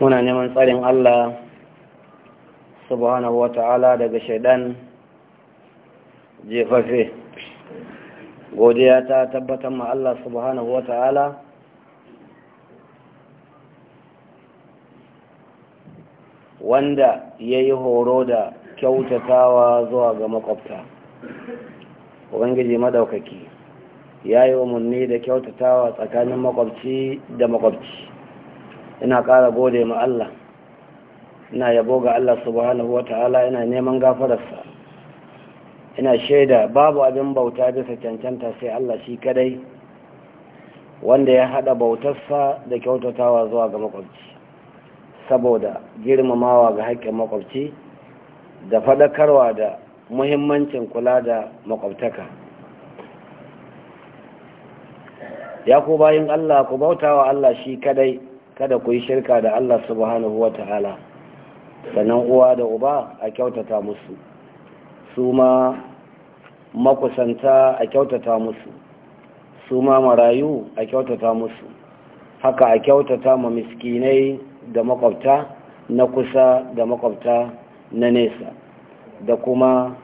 muna neman tsarin Allah subhanahu wa ta'ala daga shaidan jefafe godiya ta tabbatar ma Allah subhanahu wa ta'ala wanda ya yi horo da kyautatawa zuwa ga makwabta ubangiji madaukaki ya yi umarni da kyautatawa tsakanin makwabci da makwabci ina ƙara gode ma Allah ina yabo ga Allah subhanahu wa ta'ala ina neman gafararsa ina shaida babu abin bauta bisa cancanta sai Allah shi kadai wanda ya haɗa bautarsa da kyautatawa zuwa ga makwabci saboda girmamawa ga haƙƙin makwabci da faɗakarwa da muhimmancin kula da makwabtaka ya ku bayin Allah ku bautawa Allah shi kadai kada ku yi shirka da Allah subhanahu wa ta'ala sannan uwa da uba a kyautata musu su ma makusanta a kyautata musu su ma marayu a kyautata musu haka a kyautata ma miskinai da makwabta na kusa da makwabta na nesa da kuma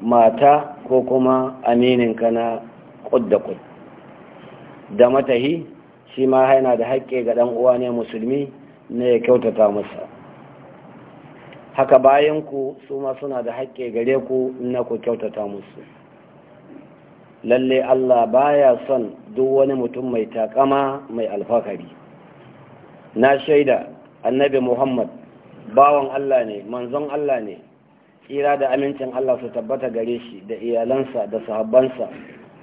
mata ko kuma amininka na kud da da matahi shi ma haina da haƙƙi ga ɗan uwa ne musulmi ne ya kyautata masa haka bayanku su ma suna da haƙƙe gare ku na ku kyautata musu lalle Allah baya son duk wani mutum mai takama mai alfakari na shaida annabi Muhammad bawan Allah ne manzon Allah ne tsira da amincin Allah su tabbata gare shi da iyalansa da sahabbansa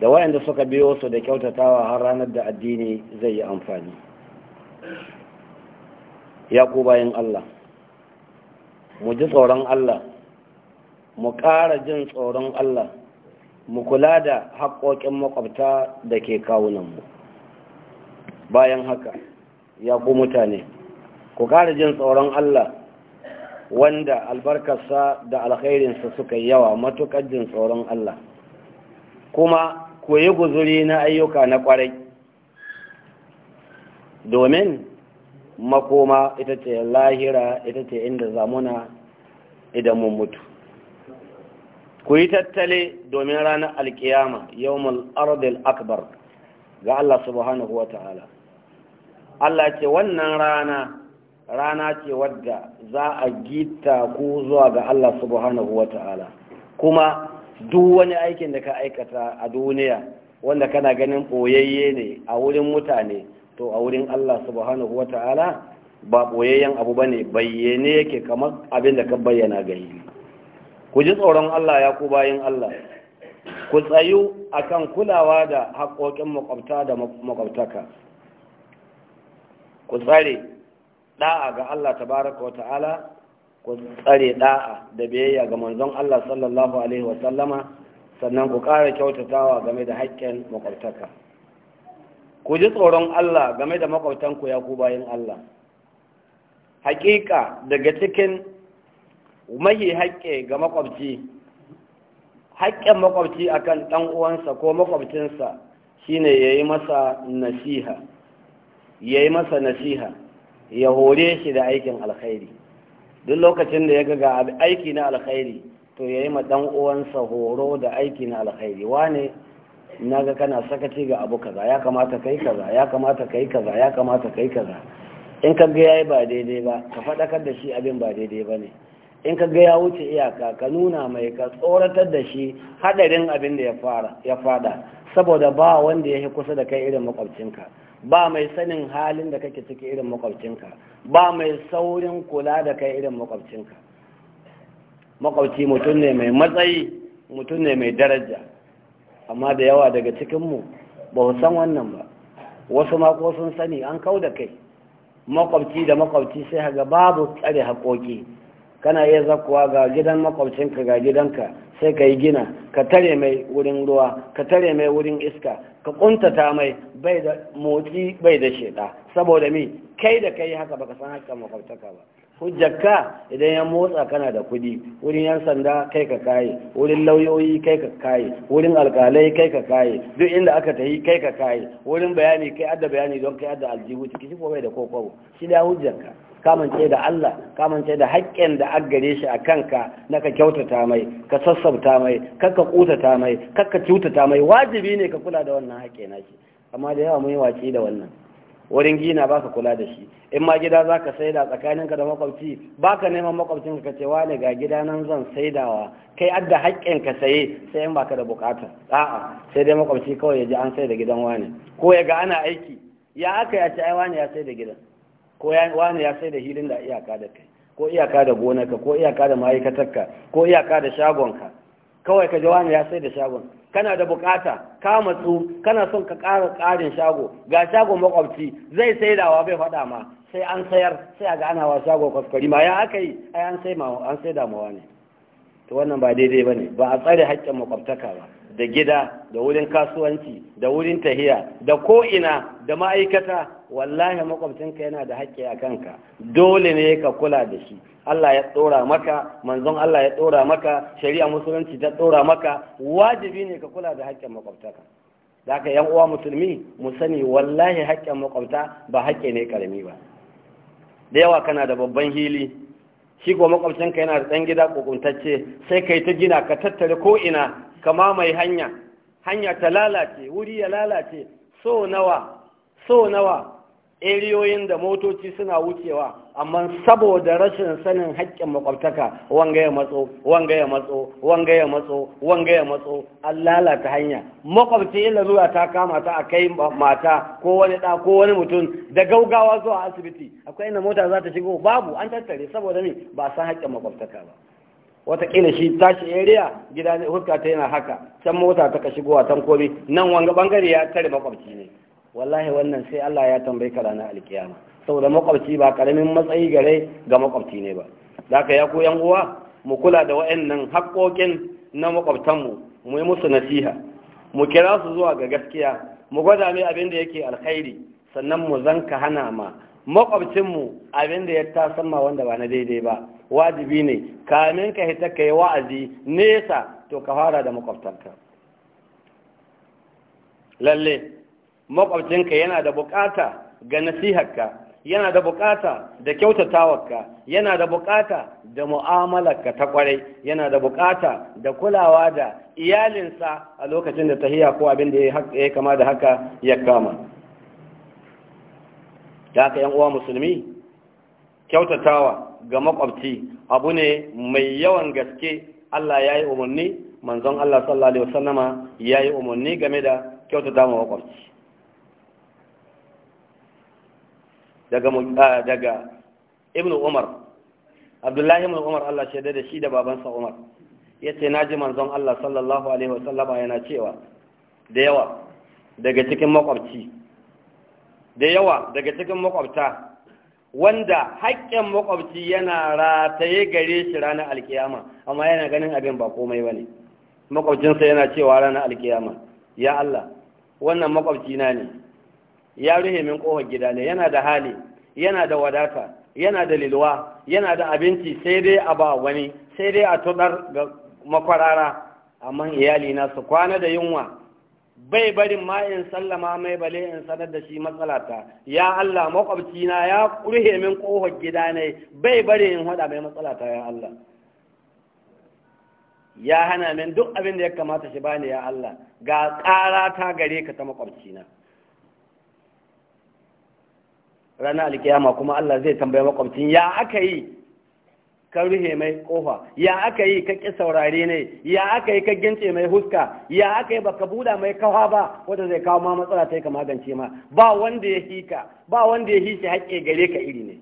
da wayanda suka biyo su da kyautatawa har ranar da addini zai yi amfani ya ku bayan Allah mu ji tsoron Allah mu ƙara jin tsoron Allah mu kula da haƙoƙin makwabta da ke kawunanmu bayan haka ya ku mutane ku ƙara jin tsoron Allah wanda albarkarsa da alkhairinsa suka yawa matuƙar jin tsoron Allah kuma Koye guzuri na ayyuka na kwarai domin makoma ita ce lahira ita ce inda zamuna idan mun mutu ku yi tattale domin ranar alkiyama yawmul ardil akbar ga Allah subhanahu Ta'ala Allah ce wannan rana rana ce wadda za a gita ku zuwa ga Allah subhanahu Ta'ala kuma duk wani aikin da ka aikata a duniya wanda kana ganin ɓoyayye ne a wurin mutane to a wurin Allah subhanahu wata'ala ba ɓoyayyen abu ba ne bayyane yake kamar abin da ka bayyana gari ku ji tsoron Allah ya ku bayan Allah ku tsayu a kan kulawa da haƙoƙin makwabta da makwabtaka ku tsare ɗa'a ga Allah tabaraka wata'ala ku tsare da'a da biyayya ga manzon Allah sallallahu alaihi wasallama sannan ku ƙara kyautatawa game da haƙƙin makwabtaka ku ji tsoron Allah game da makwabtanku ya ku bayan Allah haƙiƙa daga cikin mahi haƙƙe ga makwabci haƙƙin makwabci akan ɗan uwansa ko makwabcinsa shine yayi masa nasiha yayi masa nasiha ya hore shi da aikin alkhairi duk lokacin da ya ga ga aiki na alkhairi to ya yi ma ɗan uwansa horo da aiki na alkhairi wane na ga kana sakaci ga abu kaza ya kamata kai kaza ya kamata kai kaza ya kamata kai kaza in ka ga yayi ba daidai ba ka faɗakar da shi abin ba daidai ba ne in ka ga ya wuce iyaka ka nuna mai ka tsoratar da shi haɗarin abin da ya fara ya fada saboda ba wanda ya kusa da kai irin makwabcinka ba mai sanin halin da kake ciki irin makwabcinka ba mai saurin kula da kai irin makwabcinka makwabci mutum ne mai matsayi mutum ne mai daraja amma da yawa daga cikinmu ba su san wannan ba wasu mako sun sani an kau da kai makwabci da makwabci sai haga babu tsare haƙoƙi kana iya zakuwa ga gidan makwabcinka ga gidanka sai ka yi gina ka tare mai wurin ruwa ka tare mai wurin iska ka kuntata mai bai da motsi bai da sheda saboda mi kai da kai haka baka san haka makwabtaka ba hujjarka idan ya motsa kana da kudi wurin yan sanda kai ka kaye wurin lauyoyi kai ka kaye wurin alkalai kai ka kaye duk inda aka tahi kai ka kaye wurin bayani kai adda bayani don kai adda aljihu ciki ko bai da kokobo shi da hujjarka kamance da Allah kamance da haƙƙin da an gare shi a kanka na ka kyautata mai ka sassauta mai ka ka kutata mai ka ka cutata mai wajibi ne ka kula da wannan haƙƙi na shi amma da yawa mun yi watsi da wannan wurin gina ba ka kula da shi in ma gida za ka saida tsakaninka da makwabci ba ka neman makwabcin ka ce wane ga gida nan zan saidawa kai adda haƙƙin ka saye sai in baka da bukata a'a sai dai makwabci kawai ya ji an saida gidan wane ko ya ga ana aiki ya aka ya ce ai wane ya saida gidan ko wani ya sai da hidin da iyaka da kai ko iyaka da gonarka ko iyaka da ma'aikatarka ko iyaka da shagonka kawai ka ji wani ya sai da shagon kana da bukata ka matsu kana son ka ƙara ƙarin shago ga shagon makwabci zai sai da wa bai faɗa ma sai an sayar sai a ga ana wa shagon kwaskwari ma ya aka yi ai an sai da sai ne to wannan ba daidai ba ne ba a tsare haƙƙin makwabtaka ba da gida da wurin kasuwanci da wurin tahiya da ko'ina da ma'aikata wallahi makwabcinka yana da haƙƙi a kanka dole ne ka kula da shi Allah ya ɗora maka manzon Allah ya ɗora maka shari'a musulunci ta ɗora maka wajibi ne ka kula da haƙƙin makwabtaka da ka yan uwa musulmi mu sani wallahi haƙƙin makwabta ba haƙƙi ne ƙarami ba da yawa kana da babban hili shi ko makwabcinka yana da ɗan gida kokuntacce sai kai ta gina ka tattare ko ina ka mamaye hanya hanya ta lalace wuri ya lalace so nawa so nawa eriyoyin da motoci suna wucewa amma saboda rashin sanin haƙƙin makwabtaka wanga ya matso wanga ya matso wanga ya matso wanga ya matso an lalata hanya makwabci yin zuwa ta kama ta a kai mata ko wani ɗa ko wani mutum da gaugawa zuwa asibiti akwai inda mota za ta shigo babu an tattare saboda ne ba san haƙƙin makwabtaka ba Wataƙila shi tashi area gida huska ta yana haka can mota ta ka shigowa tan komi nan wanga bangare ya tare makwabci ne wallahi wannan sai Allah ya tambaye ka ranar alkiyama saboda makwabci ba karamin matsayi gare ga makwabci ne ba zaka ya ko yan uwa mu kula da waɗannan haƙoƙin na makwabtan mu yi musu nasiha mu kira su zuwa ga gaskiya mu gwada mai abin da yake alkhairi sannan mu zanka hana ma makwabcinmu abin da ya tasamma wanda ba na daidai ba wajibi ne kamin ka hita ka yi wa'azi nesa to ka fara da makwabtanka lalle makwabcinka yana da buƙata ga nasiharka yana da buƙata da kyautatawarka yana da buƙata da mu'amalarka ta kwarai yana da buƙata da kulawa da iyalinsa a lokacin da tahiya ko abin da ya kama da haka ya kama da haka yan uwa musulmi kyautatawa ga makwabci abu ne mai yawan gaske Allah ya yi umarni manzon Allah sallallahu alaihi wasallama ya yi umarni game da kyautata ma makwabci Ah, daga ibn umar abdullahi ibn umar Allah shaida da shi da babansa umar yace ji manzon Allah sallallahu alaihi wasallama yana cewa da yawa daga cikin makwabci da yawa daga cikin makwabta wanda haƙƙin makwabci yana rataye gare shi ranar alkiyama amma yana ganin abin ba komai bane makwabcinsa yana cewa ranar alkiyama ya Allah wannan makwabcina ne ya ruhe min kofar gida ne yana da hali yana da wadata yana da lilwa yana da abinci sai dai a ba wani sai dai a tudar ga makwarara amma iyali na su kwana da yunwa bai barin ma in sallama mai bale in sanar da shi matsalata ya Allah makwabci na ya kurhe min kofar gida ne bai bari in hada mai matsalata ya Allah ya hana min duk abin da ya kamata shi bani ya Allah ga ƙara ta gare ka ta makwabci na ranar alkiyama kuma Allah zai tambaye makwabcin ya aka yi ka rufe mai kofa ya aka yi ka ƙi saurare ne ya aka yi ka gince mai huska ya aka yi baka buɗa mai kawa ba wanda zai kawo ma matsala ta yi ka magance ma ba wanda ya hika ba wanda ya hishi haƙƙe gare ka iri ne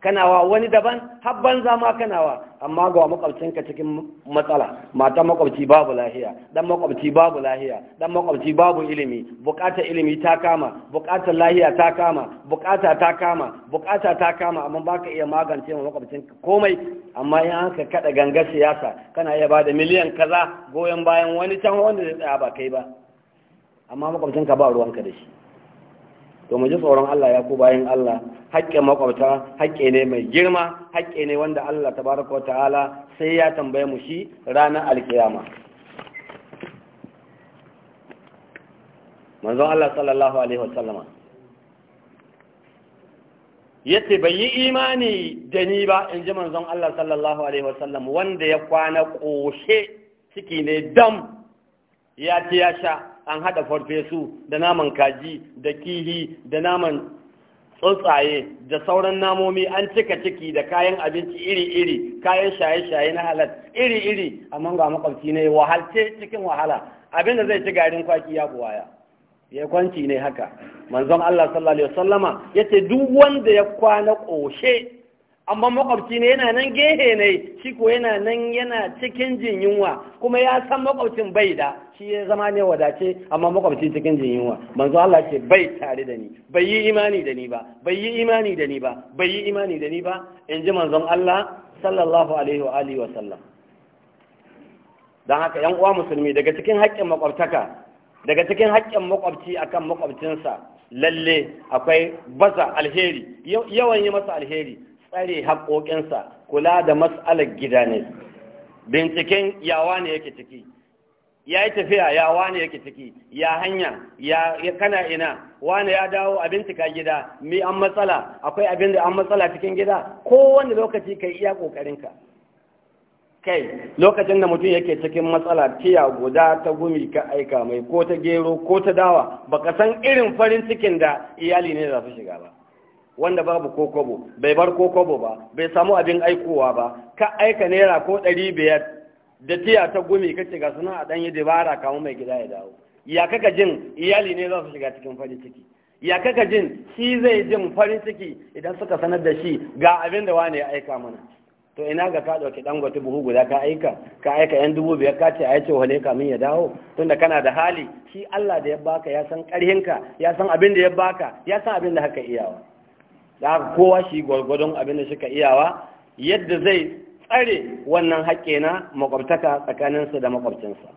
kanawa wani daban har banza ma kanawa amma ga makwabcinka cikin matsala mata makwabci babu lahiya dan makwabci babu lahiya dan makwabci babu ilimi bukata ilimi ta kama bukatar lahiya ta kama bukata ta kama bukata ta kama amma baka iya magance ma makwabcinka komai amma in an ka kada ganga siyasa kana iya bada miliyan kaza goyon bayan wani can wanda zai tsaya ba kai ba amma makwabcinka ba ruwanka da shi to mu ji tsoron Allah ya ku bayan Allah haƙƙin makwabta haƙƙi ne mai girma haƙƙi ne wanda Allah tabaraka wa ta'ala sai ya tambaye mu shi ranar alkiyama manzon Allah sallallahu alaihi wasallama yace bai yi imani da ni ba in ji manzon Allah sallallahu alaihi wasallam wanda ya kwana ƙoshe ciki ne dam ya ci ya sha an haɗa farfesu da naman kaji da kihi da naman tsuntsaye da sauran namomi an cika ciki da kayan abinci iri-iri kayan shaye-shaye na halal iri-iri amma ga makwabci ne wahalce cikin wahala abin da zai ci garin kwaki ya buwaya ya kwanci ne haka manzon Allah sallallahu alaihi wasallama yace duk wanda ya kwana ƙoshe amma makwabci ne yana nan gehe ne shi ko yana nan yana cikin jin yunwa kuma ya san makwabcin bai da shi ya zama ne wadace amma makwabci cikin jin yunwa manzo Allah ce bai tare da ni bai yi imani da ni ba bai yi imani da ni ba bai yi imani da ni ba in ji manzon Allah sallallahu alaihi wa alihi wa sallam dan haka yan uwa musulmi daga cikin haƙƙin makwabtaka daga cikin haƙƙin makwabci akan makwabcinsa lalle akwai baza alheri yawan yi masa alheri tsare haƙoƙinsa kula da matsalar gida ne binciken yawa ne yake ciki ya yi tafiya ya wane yake ciki ya hanya ya kana ina wane ya dawo a bincika gida mi an matsala akwai abin da an matsala cikin gida kowane lokaci kai iya ƙoƙarinka. kai lokacin da mutum yake cikin matsala tiya guda ta gumi ka aika mai ko ta gero ko ta dawa baka san irin farin cikin da iyali ne za su shiga ba wanda babu kokobo bai bar kokobo ba bai samu abin aikowa ba ka aika naira ko ɗari biyar da tiya ta gumi kace ga suna a ɗanyi dabara kamun mai gida ya dawo ya kaka jin iyali ne za su shiga cikin farin ciki ya kaka jin shi zai jin farin ciki idan suka sanar da shi ga abin da wane ya aika mana to ina ga ka ɗauki gwatu buhu guda ka aika ka aika yan dubu biyar ka ce a yace wane kamin ya dawo tunda kana da hali shi Allah da ya baka ya san ƙarhinka ya san abin da ya baka ya san abin da haka iyawa da aka kowa shi gwargwadon abin da suka iyawa yadda zai tsare wannan haƙƙe na makwabtaka tsakaninsa da makwabcinsa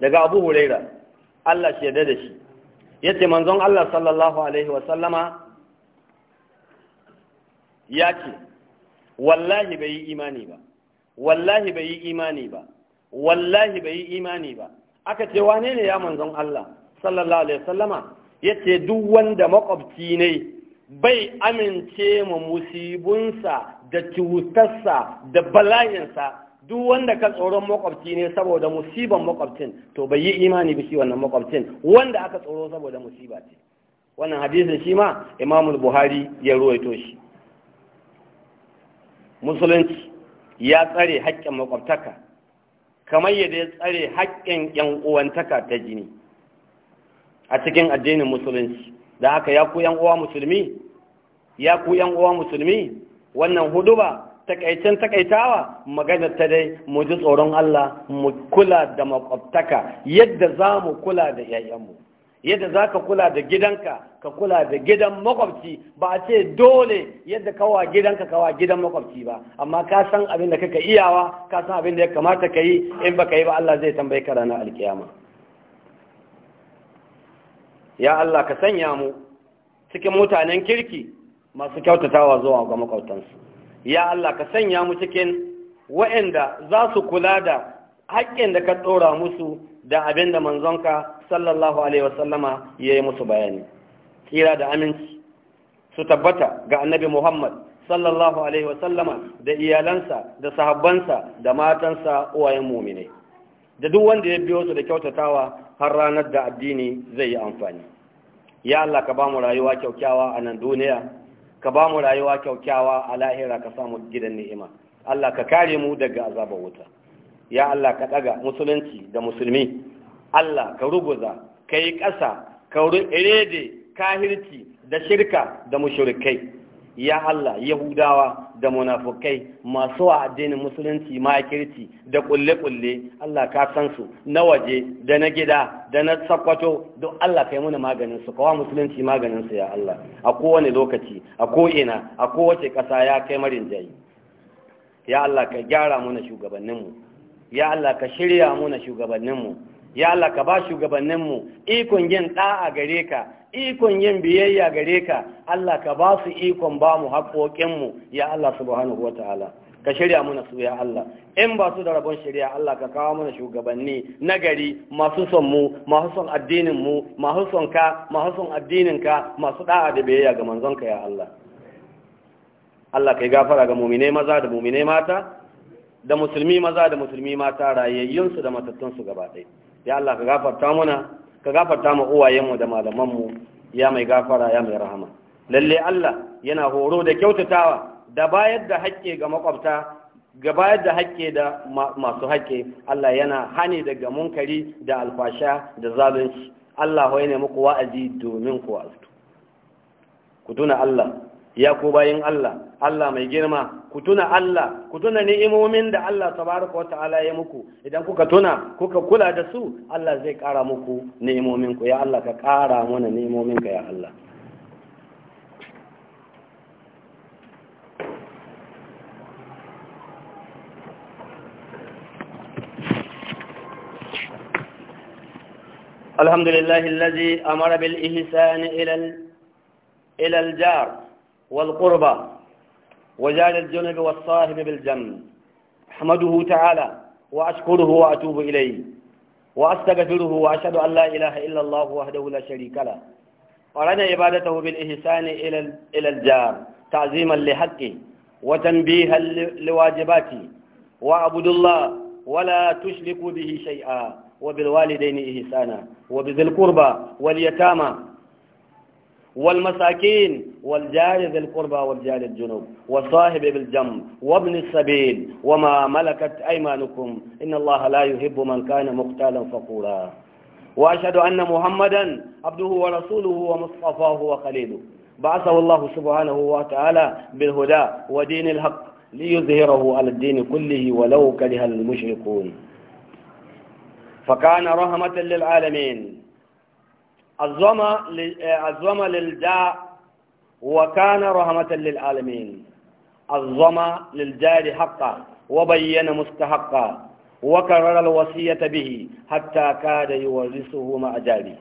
daga abu huraira Allah shi yadda da shi ya ce manzon Allah sallallahu alaihi wasallama ya ce wallahi bai yi imani ba wallahi bai yi imani ba wallahi bai yi imani ba aka ce wane ne ya manzon Allah sallallahu alaihi wasallama ya ce duk wanda makwabci ne bai amince ma musibinsa da cutarsa da bala'insa duk wanda ka tsoron makwabci ne saboda musibar makwabcin to bai yi imani bishi wannan makwabcin wanda aka tsoro saboda musiba ce wannan hadisin shi ma imamul buhari ya ruwaito shi musulunci ya tsare haƙƙin makwabtaka kamar yadda ya tsare haƙƙin 'yan uwantaka ta jini a cikin addinin musulunci da haka ya ku yan uwa musulmi ya ku yan uwa musulmi wannan ba. takaicen takaitawa maganar ta dai mu ji tsoron Allah mu kula da makwabtaka yadda za mu kula da yayanmu yadda za ka kula da gidanka ka kula da gidan makwabci ba a ce dole yadda kawa gidanka kawa gidan makwabci ba amma ka san abin da kaka iyawa ka san abin da ya kamata ka yi in baka yi ba Allah zai tambayi ka ranar alkiyama ya Allah ka sanya mu cikin mutanen kirki masu kyautatawa zuwa ga makwabtansu ya Allah ka sanya mu cikin waɗanda za su kula da haƙƙin da ka ɗora musu da abin da manzonka sallallahu alaihi wasallama ya yi musu bayani tsira da aminci su tabbata ga annabi muhammad sallallahu alaihi wasallama da iyalansa da sahabbansa da matansa uwayen muminai da duk wanda ya biyo su da kyautatawa har ranar da addini zai yi amfani ya Allah ka ba mu rayuwa kyaukyawa a nan duniya ka ba mu rayuwa kyaukyawa a lahira ka samu gidan ni'ima Allah ka kare mu daga azabar wuta ya Allah ka daga musulunci da musulmi Allah ka ruguza ka yi ƙasa ka rede kahirci da shirka da mushrikai ya halla yahudawa da munafukai masu addinin musulunci makirci da kulle-kulle Allah ka san su na waje da na gida da na sakwato don Allah kai muna maganin su kawa musulunci maganin su ya Allah a kowane lokaci a ko'ina a kowace ƙasa ya kai marin jayi ya Allah ka gyara muna shugabanninmu ya Allah ka shirya muna shugabanninmu ya Allah ka ba shugabanninmu ikon yin ɗa'a gare ka ikon yin biyayya gare ka Allah ka ba su ikon ba mu haƙoƙinmu ya Allah subhanahu wa ta'ala ka shirya muna su ya Allah in ba su da rabon shirya Allah ka kawo mana shugabanni nagari masu son mu masu son addinin mu masu son ka masu son addinin ka masu da'a da biyayya ga manzon ka ya Allah Allah kai gafara ga mu'mine maza da mu'mine mata da musulmi maza da musulmi mata rayayyun su da matattun su gaba ɗaya ya Allah ka gafarta muna ka gafarta mu uwayenmu da malamanmu ya mai gafara ya mai rahama lalle Allah yana horo da kyautatawa da bayar da hakke ga makwabta ga bayar da hakke da masu hakke Allah yana hani daga munkari da alfasha da zalunci Allah hoye ne muku wa'azi domin ku wa'azu ku tuna Allah ya ku bayin Allah Allah mai girma ku tuna Allah ku tuna ni'imomin da Allah tabaraka wa ta'ala ya muku idan kuka tuna kuka kula da su Allah zai kara muku ni'imomin ya Allah ka kara mana ni'imomin ka ya Allah الحمد لله الذي أمر بالإحسان إلى إلى والقربى وجعل الجنب والصاحب بالجنب أحمده تعالى وأشكره وأتوب إليه وأستغفره وأشهد أن لا إله إلا الله وحده لا شريك له ورد عبادته بالإحسان إلى الجار تعظيما لحقه وتنبيها لواجباته وأعبد الله ولا تشركوا به شيئا وبالوالدين إحسانا وبذي القربى واليتامى والمساكين والجار ذي القربى والجار الجنوب والصاحب بالجنب وابن السبيل وما ملكت أيمانكم إن الله لا يحب من كان مختالا فقورا وأشهد أن محمدا عبده ورسوله ومصطفاه وخليله بعثه الله سبحانه وتعالى بالهدى ودين الحق ليظهره على الدين كله ولو كره المشركون فكان رحمة للعالمين عظم آه، للجاء وكان رحمة للعالمين عظم للجار حقا وبين مستحقا وكرر الوصية به حتى كاد يورثه مع جاري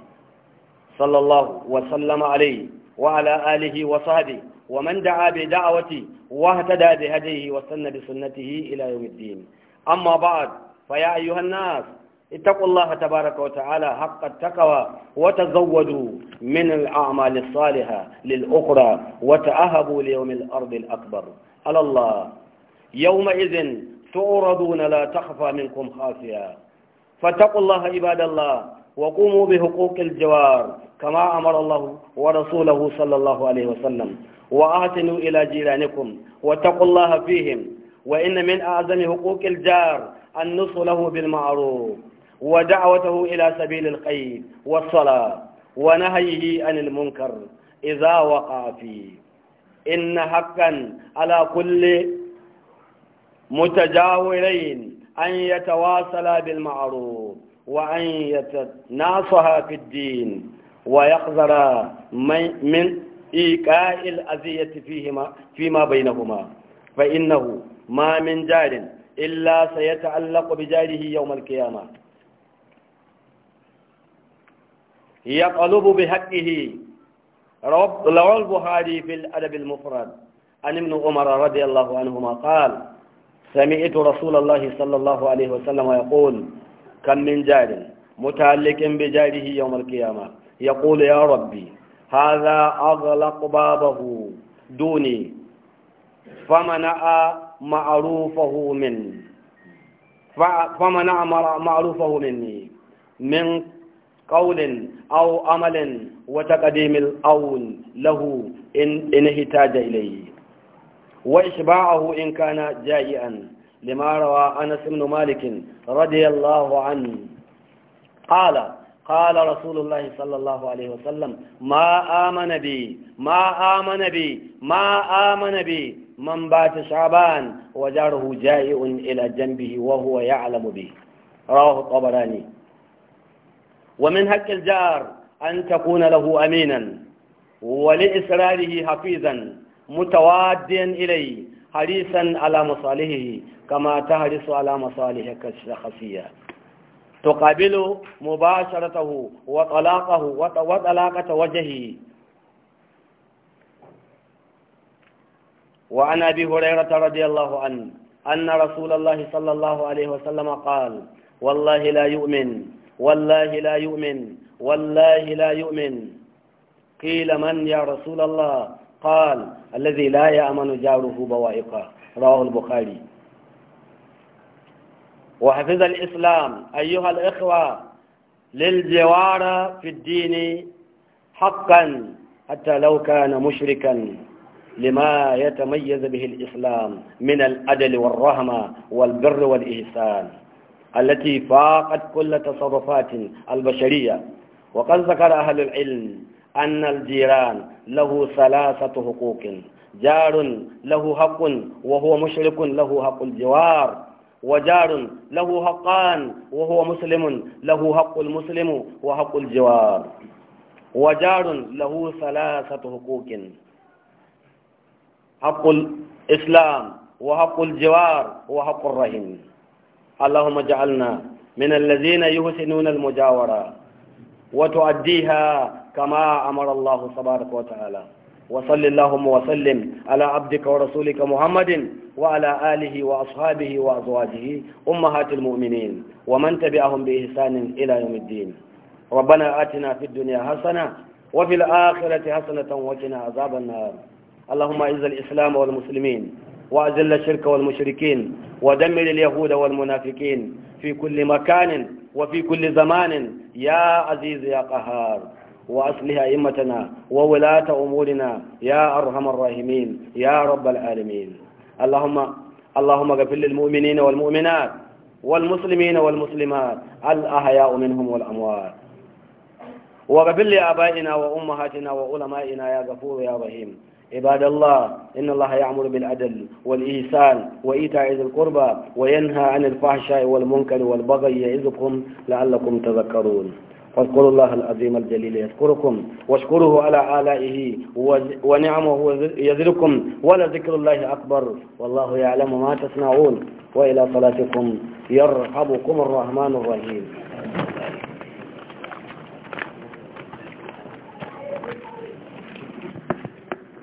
صلى الله وسلم عليه وعلى آله وصحبه ومن دعا بدعوته واهتدى بهديه وسن بسنته إلى يوم الدين أما بعد فيا أيها الناس اتقوا الله تبارك وتعالى حق التقوى وتزودوا من الأعمال الصالحة للأخرى وتأهبوا ليوم الأرض الأكبر على الله يومئذ تعرضون لا تخفى منكم خافية فاتقوا الله عباد الله وقوموا بحقوق الجوار كما أمر الله ورسوله صلى الله عليه وسلم وآتنوا إلى جيرانكم واتقوا الله فيهم وإن من أعظم حقوق الجار النصر له بالمعروف ودعوته إلى سبيل الخير والصلاة ونهيه عن المنكر إذا وقع فيه إن حقا على كل متجاورين أن يتواصلا بالمعروف وأن يتناصها في الدين ويحذرا من إيقاء الأذية فيهما فيما بينهما فإنه ما من جار إلا سيتعلق بجاره يوم القيامة يطلب بحقه لو البخاري في الأدب المفرد عن ابن عمر رضي الله عنهما قال سمعت رسول الله صلى الله عليه وسلم يقول كم من جار متعلق بجاره يوم القيامة يقول يا ربي هذا أغلق بابه دوني فمنع معروفه من فمنع معروفه مني من قول أو عمل وتقديم الأول له إن, إن احتاج إليه وإشباعه إن كان جائعا لما روى أنس بن مالك رضي الله عنه قال قال رسول الله صلى الله عليه وسلم ما آمن بي ما آمن بي ما آمن بي من بات شعبان وجاره جائع إلى جنبه وهو يعلم به رواه الطبراني ومن حق الجار أن تكون له أمينا ولإسراره حفيظا متواديا إليه حريصا على مصالحه كما تحرص على مصالحك الشخصية تقابل مباشرته وطلاقه وطلاقة وجهه وعن أبي هريرة رضي الله عنه أن رسول الله صلى الله عليه وسلم قال والله لا يؤمن والله لا يؤمن والله لا يؤمن قيل من يا رسول الله قال الذي لا يأمن جاره بوائقه رواه البخاري وحفظ الإسلام أيها الإخوة للجوار في الدين حقا حتى لو كان مشركا لما يتميز به الإسلام من الأدل والرحمة والبر والإحسان التي فاقت كل تصرفات البشرية وقد ذكر أهل العلم أن الجيران له ثلاثة حقوق جار له حق وهو مشرك له حق الجوار وجار له حقان وهو مسلم له حق المسلم وحق الجوار وجار له ثلاثة حقوق حق الإسلام وحق الجوار وحق الرحيم اللهم اجعلنا من الذين يحسنون المجاورة وتؤديها كما أمر الله تبارك وتعالى وصل اللهم وسلم على عبدك ورسولك محمد وعلى آله وأصحابه وأزواجه أمهات المؤمنين ومن تبعهم بإحسان إلى يوم الدين ربنا آتنا في الدنيا حسنة وفي الآخرة حسنة وقنا عذاب النار اللهم أعز الإسلام والمسلمين وأذل الشرك والمشركين ودمر اليهود والمنافقين في كل مكان وفي كل زمان يا عزيز يا قهار وأصلها أئمتنا وولاة أمورنا يا أرحم الراحمين يا رب العالمين اللهم اللهم اغفر للمؤمنين والمؤمنات والمسلمين والمسلمات الأحياء منهم والأموات وغفر لآبائنا وأمهاتنا وعلمائنا يا غفور يا رحيم عباد الله إن الله يعمر بالعدل والإيسان وإيتاء ذي القربى وينهى عن الفحشاء والمنكر والبغي يعظكم لعلكم تذكرون فاذكروا الله العظيم الجليل يذكركم واشكروه على آلائه ونعمه يذلكم ولذكر الله أكبر والله يعلم ما تصنعون وإلى صلاتكم يرحبكم الرحمن الرحيم